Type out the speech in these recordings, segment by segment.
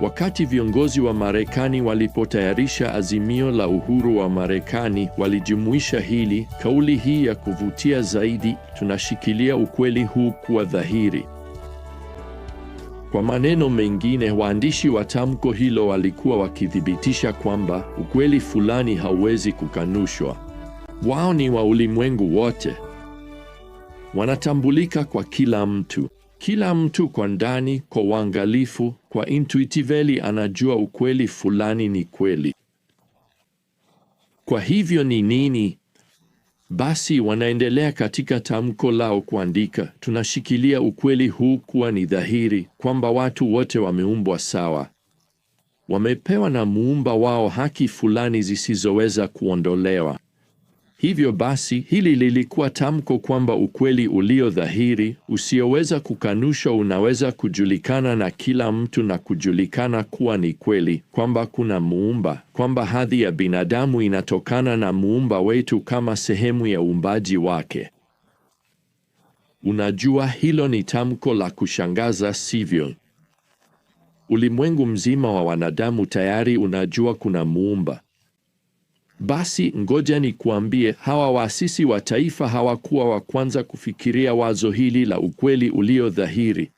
Wakati viongozi wa Marekani walipotayarisha azimio la uhuru wa Marekani, walijumuisha hili, kauli hii ya kuvutia zaidi, tunashikilia ukweli huu kuwa dhahiri. Kwa maneno mengine, waandishi wa tamko hilo walikuwa wakithibitisha kwamba ukweli fulani hauwezi kukanushwa. Wao ni wa ulimwengu wote. Wanatambulika kwa kila mtu. Kila mtu kwa ndani, kwa uangalifu, kwa intuitiveli anajua ukweli fulani ni kweli. Kwa hivyo ni nini? Basi wanaendelea katika tamko lao kuandika, tunashikilia ukweli huu kuwa ni dhahiri kwamba watu wote wameumbwa sawa. Wamepewa na muumba wao haki fulani zisizoweza kuondolewa. Hivyo basi, hili lilikuwa tamko kwamba ukweli ulio dhahiri, usioweza kukanusha, unaweza kujulikana na kila mtu na kujulikana kuwa ni kweli, kwamba kuna muumba, kwamba hadhi ya binadamu inatokana na muumba wetu kama sehemu ya uumbaji wake. Unajua, hilo ni tamko la kushangaza, sivyo? Ulimwengu mzima wa wanadamu tayari unajua kuna muumba. Basi ngoja nikuambie, hawa waasisi wa taifa hawakuwa wa kwanza kufikiria wazo hili la ukweli ulio dhahiri.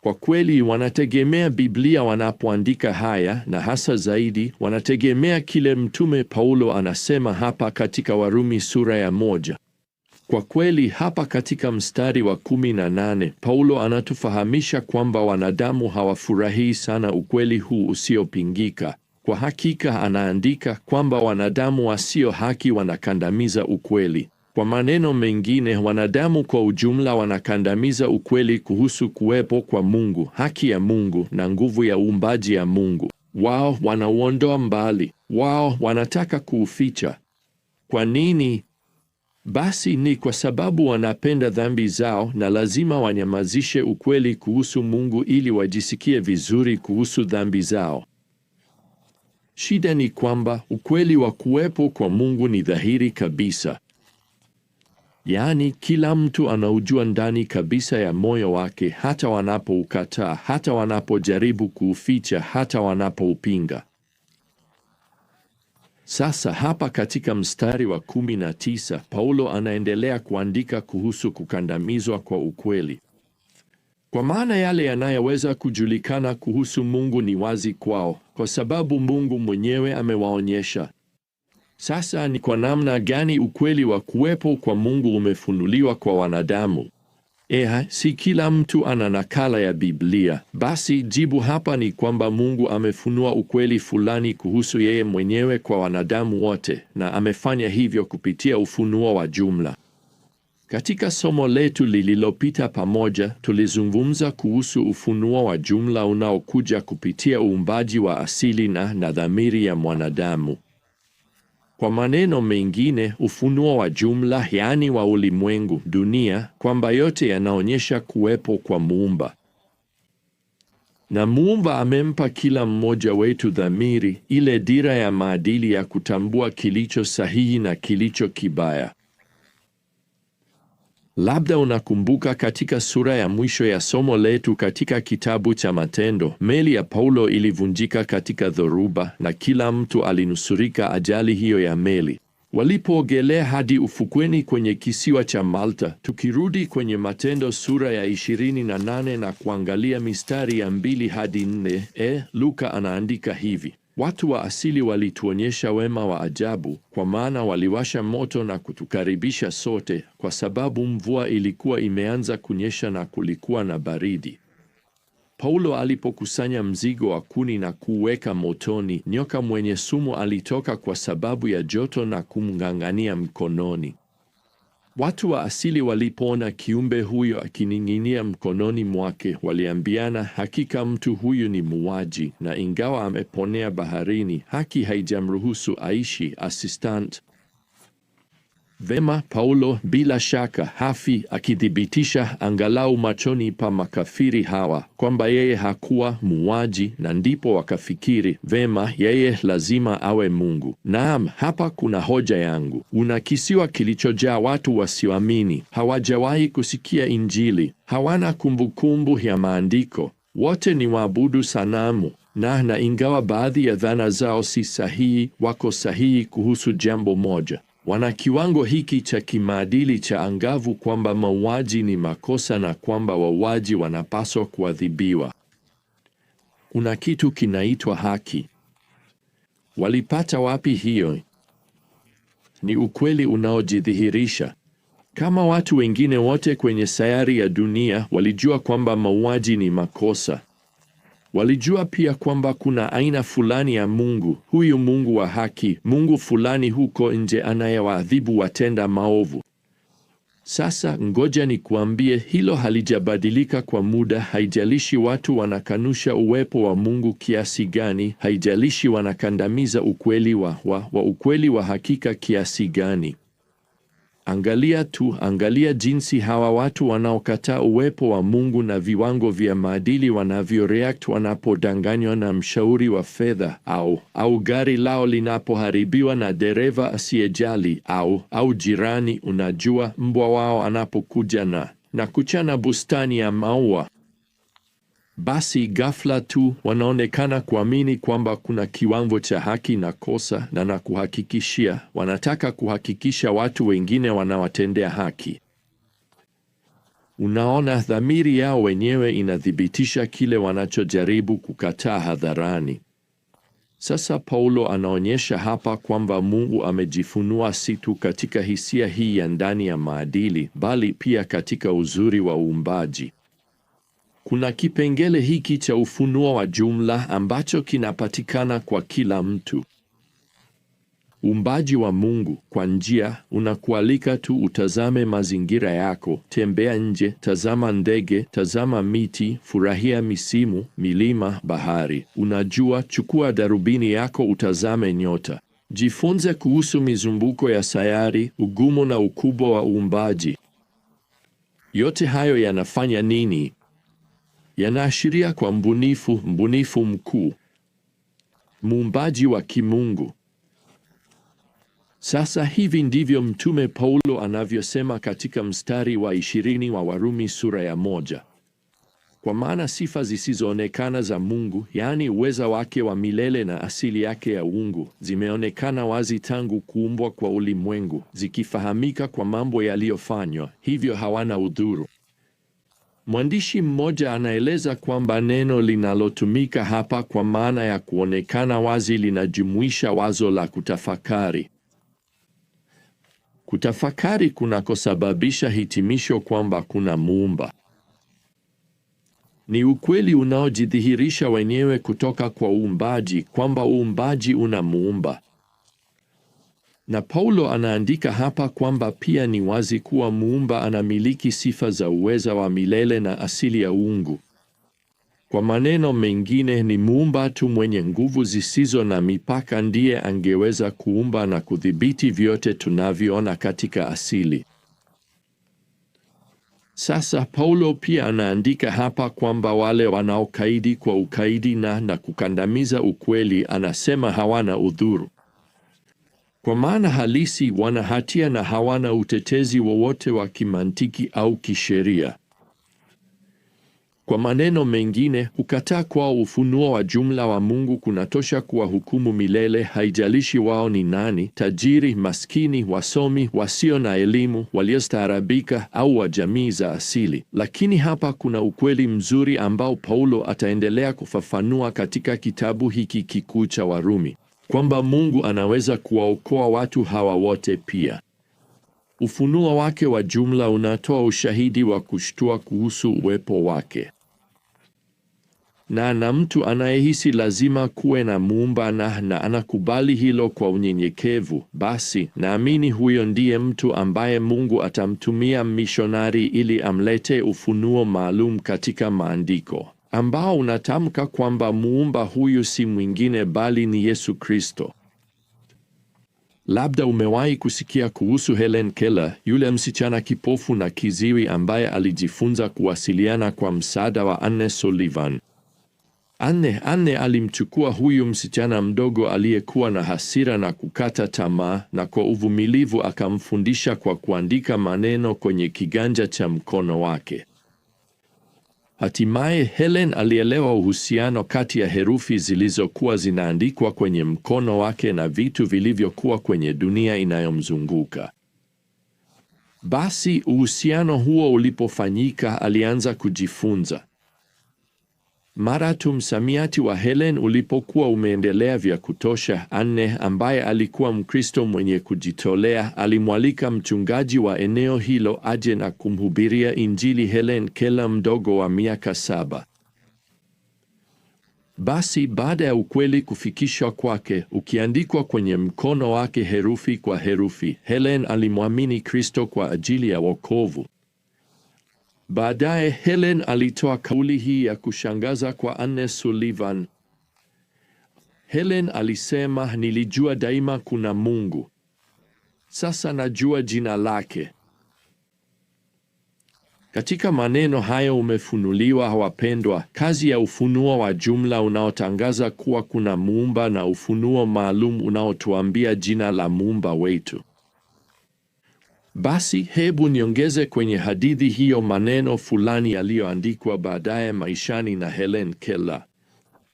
Kwa kweli wanategemea Biblia wanapoandika haya, na hasa zaidi wanategemea kile Mtume Paulo anasema hapa katika Warumi sura ya moja. Kwa kweli hapa katika mstari wa kumi na nane Paulo anatufahamisha kwamba wanadamu hawafurahii sana ukweli huu usiopingika. Kwa hakika anaandika kwamba wanadamu wasio haki wanakandamiza ukweli. Kwa maneno mengine, wanadamu kwa ujumla wanakandamiza ukweli kuhusu kuwepo kwa Mungu, haki ya Mungu na nguvu ya uumbaji ya Mungu. Wao wanauondoa mbali, wao wanataka kuuficha. Kwa nini? Basi ni kwa sababu wanapenda dhambi zao na lazima wanyamazishe ukweli kuhusu Mungu ili wajisikie vizuri kuhusu dhambi zao. Shida ni kwamba ukweli wa kuwepo kwa Mungu ni dhahiri kabisa, yaani kila mtu anaujua ndani kabisa ya moyo wake, hata wanapoukataa, hata wanapojaribu kuuficha, hata wanapoupinga. Sasa hapa katika mstari wa kumi na tisa Paulo anaendelea kuandika kuhusu kukandamizwa kwa ukweli. Kwa maana yale yanayoweza kujulikana kuhusu Mungu ni wazi kwao, kwa sababu Mungu mwenyewe amewaonyesha. Sasa ni kwa namna gani ukweli wa kuwepo kwa Mungu umefunuliwa kwa wanadamu? Eha, si kila mtu ana nakala ya Biblia. Basi jibu hapa ni kwamba Mungu amefunua ukweli fulani kuhusu yeye mwenyewe kwa wanadamu wote, na amefanya hivyo kupitia ufunuo wa jumla. Katika somo letu lililopita pamoja, tulizungumza kuhusu ufunuo wa jumla unaokuja kupitia uumbaji wa asili na na dhamiri ya mwanadamu. Kwa maneno mengine, ufunuo wa jumla, yaani wa ulimwengu, dunia, kwamba yote yanaonyesha kuwepo kwa muumba na muumba amempa kila mmoja wetu dhamiri, ile dira ya maadili ya kutambua kilicho sahihi na kilicho kibaya. Labda unakumbuka katika sura ya mwisho ya somo letu katika kitabu cha Matendo, meli ya Paulo ilivunjika katika dhoruba na kila mtu alinusurika ajali hiyo ya meli. Walipoogelea hadi ufukweni kwenye kisiwa cha Malta. Tukirudi kwenye Matendo sura ya 28 na kuangalia mistari ya 2 hadi 4, e, eh, Luka anaandika hivi: Watu wa asili walituonyesha wema wa ajabu, kwa maana waliwasha moto na kutukaribisha sote, kwa sababu mvua ilikuwa imeanza kunyesha na kulikuwa na baridi. Paulo alipokusanya mzigo wa kuni na kuweka motoni, nyoka mwenye sumu alitoka kwa sababu ya joto na kumng'ang'ania mkononi. Watu wa asili walipoona kiumbe huyo akining'inia mkononi mwake, waliambiana, hakika mtu huyu ni muuaji, na ingawa ameponea baharini, haki haijamruhusu aishi. Assistant Vema, Paulo bila shaka hafi akithibitisha angalau machoni pa makafiri hawa kwamba yeye hakuwa muuaji, na ndipo wakafikiri vema, yeye lazima awe Mungu. Naam, hapa kuna hoja yangu. Una kisiwa kilichojaa watu wasioamini, hawajawahi kusikia Injili, hawana kumbukumbu ya maandiko, wote ni waabudu sanamu na na ingawa baadhi ya dhana zao si sahihi, wako sahihi kuhusu jambo moja wana kiwango hiki cha kimaadili cha angavu kwamba mauaji ni makosa na kwamba wauaji wanapaswa kuadhibiwa. Kuna kitu kinaitwa haki. Walipata wapi hiyo? Ni ukweli unaojidhihirisha. Kama watu wengine wote kwenye sayari ya dunia walijua kwamba mauaji ni makosa Walijua pia kwamba kuna aina fulani ya Mungu, huyu Mungu wa haki, Mungu fulani huko nje anayewaadhibu watenda maovu. Sasa ngoja ni kuambie hilo halijabadilika kwa muda. Haijalishi watu wanakanusha uwepo wa Mungu kiasi gani, haijalishi wanakandamiza ukweli wa, wa, wa ukweli wa hakika kiasi gani. Angalia tu, angalia jinsi hawa watu wanaokataa uwepo wa Mungu na viwango vya maadili wanavyoreact wanapodanganywa na mshauri wa fedha au au gari lao linapoharibiwa na dereva asiyejali au au jirani, unajua, mbwa wao anapokuja na na kuchana bustani ya maua. Basi ghafla tu wanaonekana kuamini kwamba kuna kiwango cha haki na kosa, na na kuhakikishia, wanataka kuhakikisha watu wengine wanawatendea haki. Unaona, dhamiri yao wenyewe inathibitisha kile wanachojaribu kukataa hadharani. Sasa Paulo anaonyesha hapa kwamba Mungu amejifunua si tu katika hisia hii ya ndani ya maadili, bali pia katika uzuri wa uumbaji. Kuna kipengele hiki cha ufunuo wa jumla ambacho kinapatikana kwa kila mtu. Uumbaji wa Mungu kwa njia unakualika tu utazame mazingira yako. Tembea nje, tazama ndege, tazama miti, furahia misimu, milima, bahari. Unajua, chukua darubini yako utazame nyota. Jifunze kuhusu mizumbuko ya sayari, ugumu na ukubwa wa uumbaji. Yote hayo yanafanya nini? yanaashiria kwa mbunifu, mbunifu mkuu, muumbaji wa kimungu. Sasa hivi ndivyo mtume Paulo anavyosema katika mstari wa ishirini wa Warumi sura ya moja: kwa maana sifa zisizoonekana za Mungu, yaani uweza wake wa milele na asili yake ya uungu, zimeonekana wazi tangu kuumbwa kwa ulimwengu, zikifahamika kwa mambo yaliyofanywa, hivyo hawana udhuru. Mwandishi mmoja anaeleza kwamba neno linalotumika hapa kwa maana ya kuonekana wazi linajumuisha wazo la kutafakari. Kutafakari kunakosababisha hitimisho kwamba kuna muumba. Ni ukweli unaojidhihirisha wenyewe kutoka kwa uumbaji, kwamba uumbaji una muumba. Na Paulo anaandika hapa kwamba pia ni wazi kuwa muumba anamiliki sifa za uweza wa milele na asili ya uungu. Kwa maneno mengine, ni muumba tu mwenye nguvu zisizo na mipaka ndiye angeweza kuumba na kudhibiti vyote tunavyoona katika asili. Sasa Paulo pia anaandika hapa kwamba wale wanaokaidi kwa ukaidi na na kukandamiza ukweli, anasema hawana udhuru. Kwa maana halisi wana hatia na hawana utetezi wowote wa kimantiki au kisheria. Kwa maneno mengine, kukataa kwao ufunuo wa jumla wa Mungu kunatosha kuwa hukumu milele, haijalishi wao ni nani: tajiri, maskini, wasomi, wasio na elimu, waliostaarabika au wa jamii za asili. Lakini hapa kuna ukweli mzuri ambao Paulo ataendelea kufafanua katika kitabu hiki kikuu cha Warumi kwamba Mungu anaweza kuwaokoa watu hawa wote pia. Ufunuo wake wa jumla unatoa ushahidi wa kushtua kuhusu uwepo wake. Na na mtu anayehisi lazima kuwe na muumba na na anakubali hilo kwa unyenyekevu, basi naamini huyo ndiye mtu ambaye Mungu atamtumia mishonari ili amlete ufunuo maalum katika maandiko ambao unatamka kwamba muumba huyu si mwingine bali ni Yesu Kristo. Labda umewahi kusikia kuhusu Helen Keller, yule msichana kipofu na kiziwi ambaye alijifunza kuwasiliana kwa msaada wa Anne Sullivan. Anne Anne alimchukua huyu msichana mdogo aliyekuwa na hasira na kukata tamaa, na kwa uvumilivu akamfundisha kwa kuandika maneno kwenye kiganja cha mkono wake. Hatimaye Helen alielewa uhusiano kati ya herufi zilizokuwa zinaandikwa kwenye mkono wake na vitu vilivyokuwa kwenye dunia inayomzunguka. Basi uhusiano huo ulipofanyika, alianza kujifunza mara tu msamiati wa Helen ulipokuwa umeendelea vya kutosha, Anne ambaye alikuwa Mkristo mwenye kujitolea alimwalika mchungaji wa eneo hilo aje na kumhubiria Injili Helen Keller, mdogo wa miaka saba. Basi baada ya ukweli kufikishwa kwake ukiandikwa kwenye mkono wake herufi kwa herufi, Helen alimwamini Kristo kwa ajili ya wokovu. Baadaye Helen alitoa kauli hii ya kushangaza kwa Anne Sullivan. Helen alisema, nilijua daima kuna Mungu. Sasa najua jina lake. Katika maneno hayo umefunuliwa, wapendwa, kazi ya ufunuo wa jumla unaotangaza kuwa kuna muumba na ufunuo maalum unaotuambia jina la muumba wetu. Basi hebu niongeze kwenye hadithi hiyo maneno fulani yaliyoandikwa baadaye maishani na Helen Keller.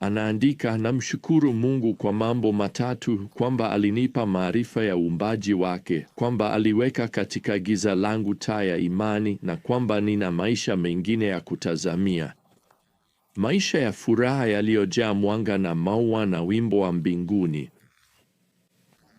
Anaandika, namshukuru Mungu kwa mambo matatu: kwamba alinipa maarifa ya uumbaji wake, kwamba aliweka katika giza langu taa ya imani, na kwamba nina maisha mengine ya kutazamia, maisha ya furaha yaliyojaa mwanga na maua na wimbo wa mbinguni.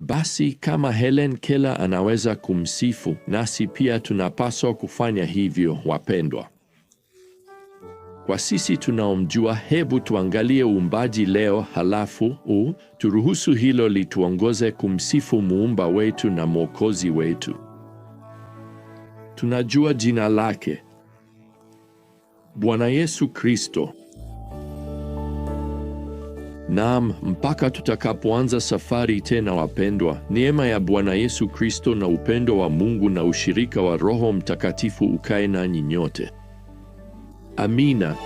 Basi kama Helen Keller anaweza kumsifu, nasi pia tunapaswa kufanya hivyo, wapendwa. Kwa sisi tunaomjua, hebu tuangalie uumbaji leo, halafu u turuhusu hilo lituongoze kumsifu muumba wetu na mwokozi wetu. Tunajua jina lake, Bwana Yesu Kristo. Naam, mpaka tutakapoanza safari tena, wapendwa, neema ya Bwana Yesu Kristo na upendo wa Mungu na ushirika wa Roho Mtakatifu ukae nanyi nyote. Amina.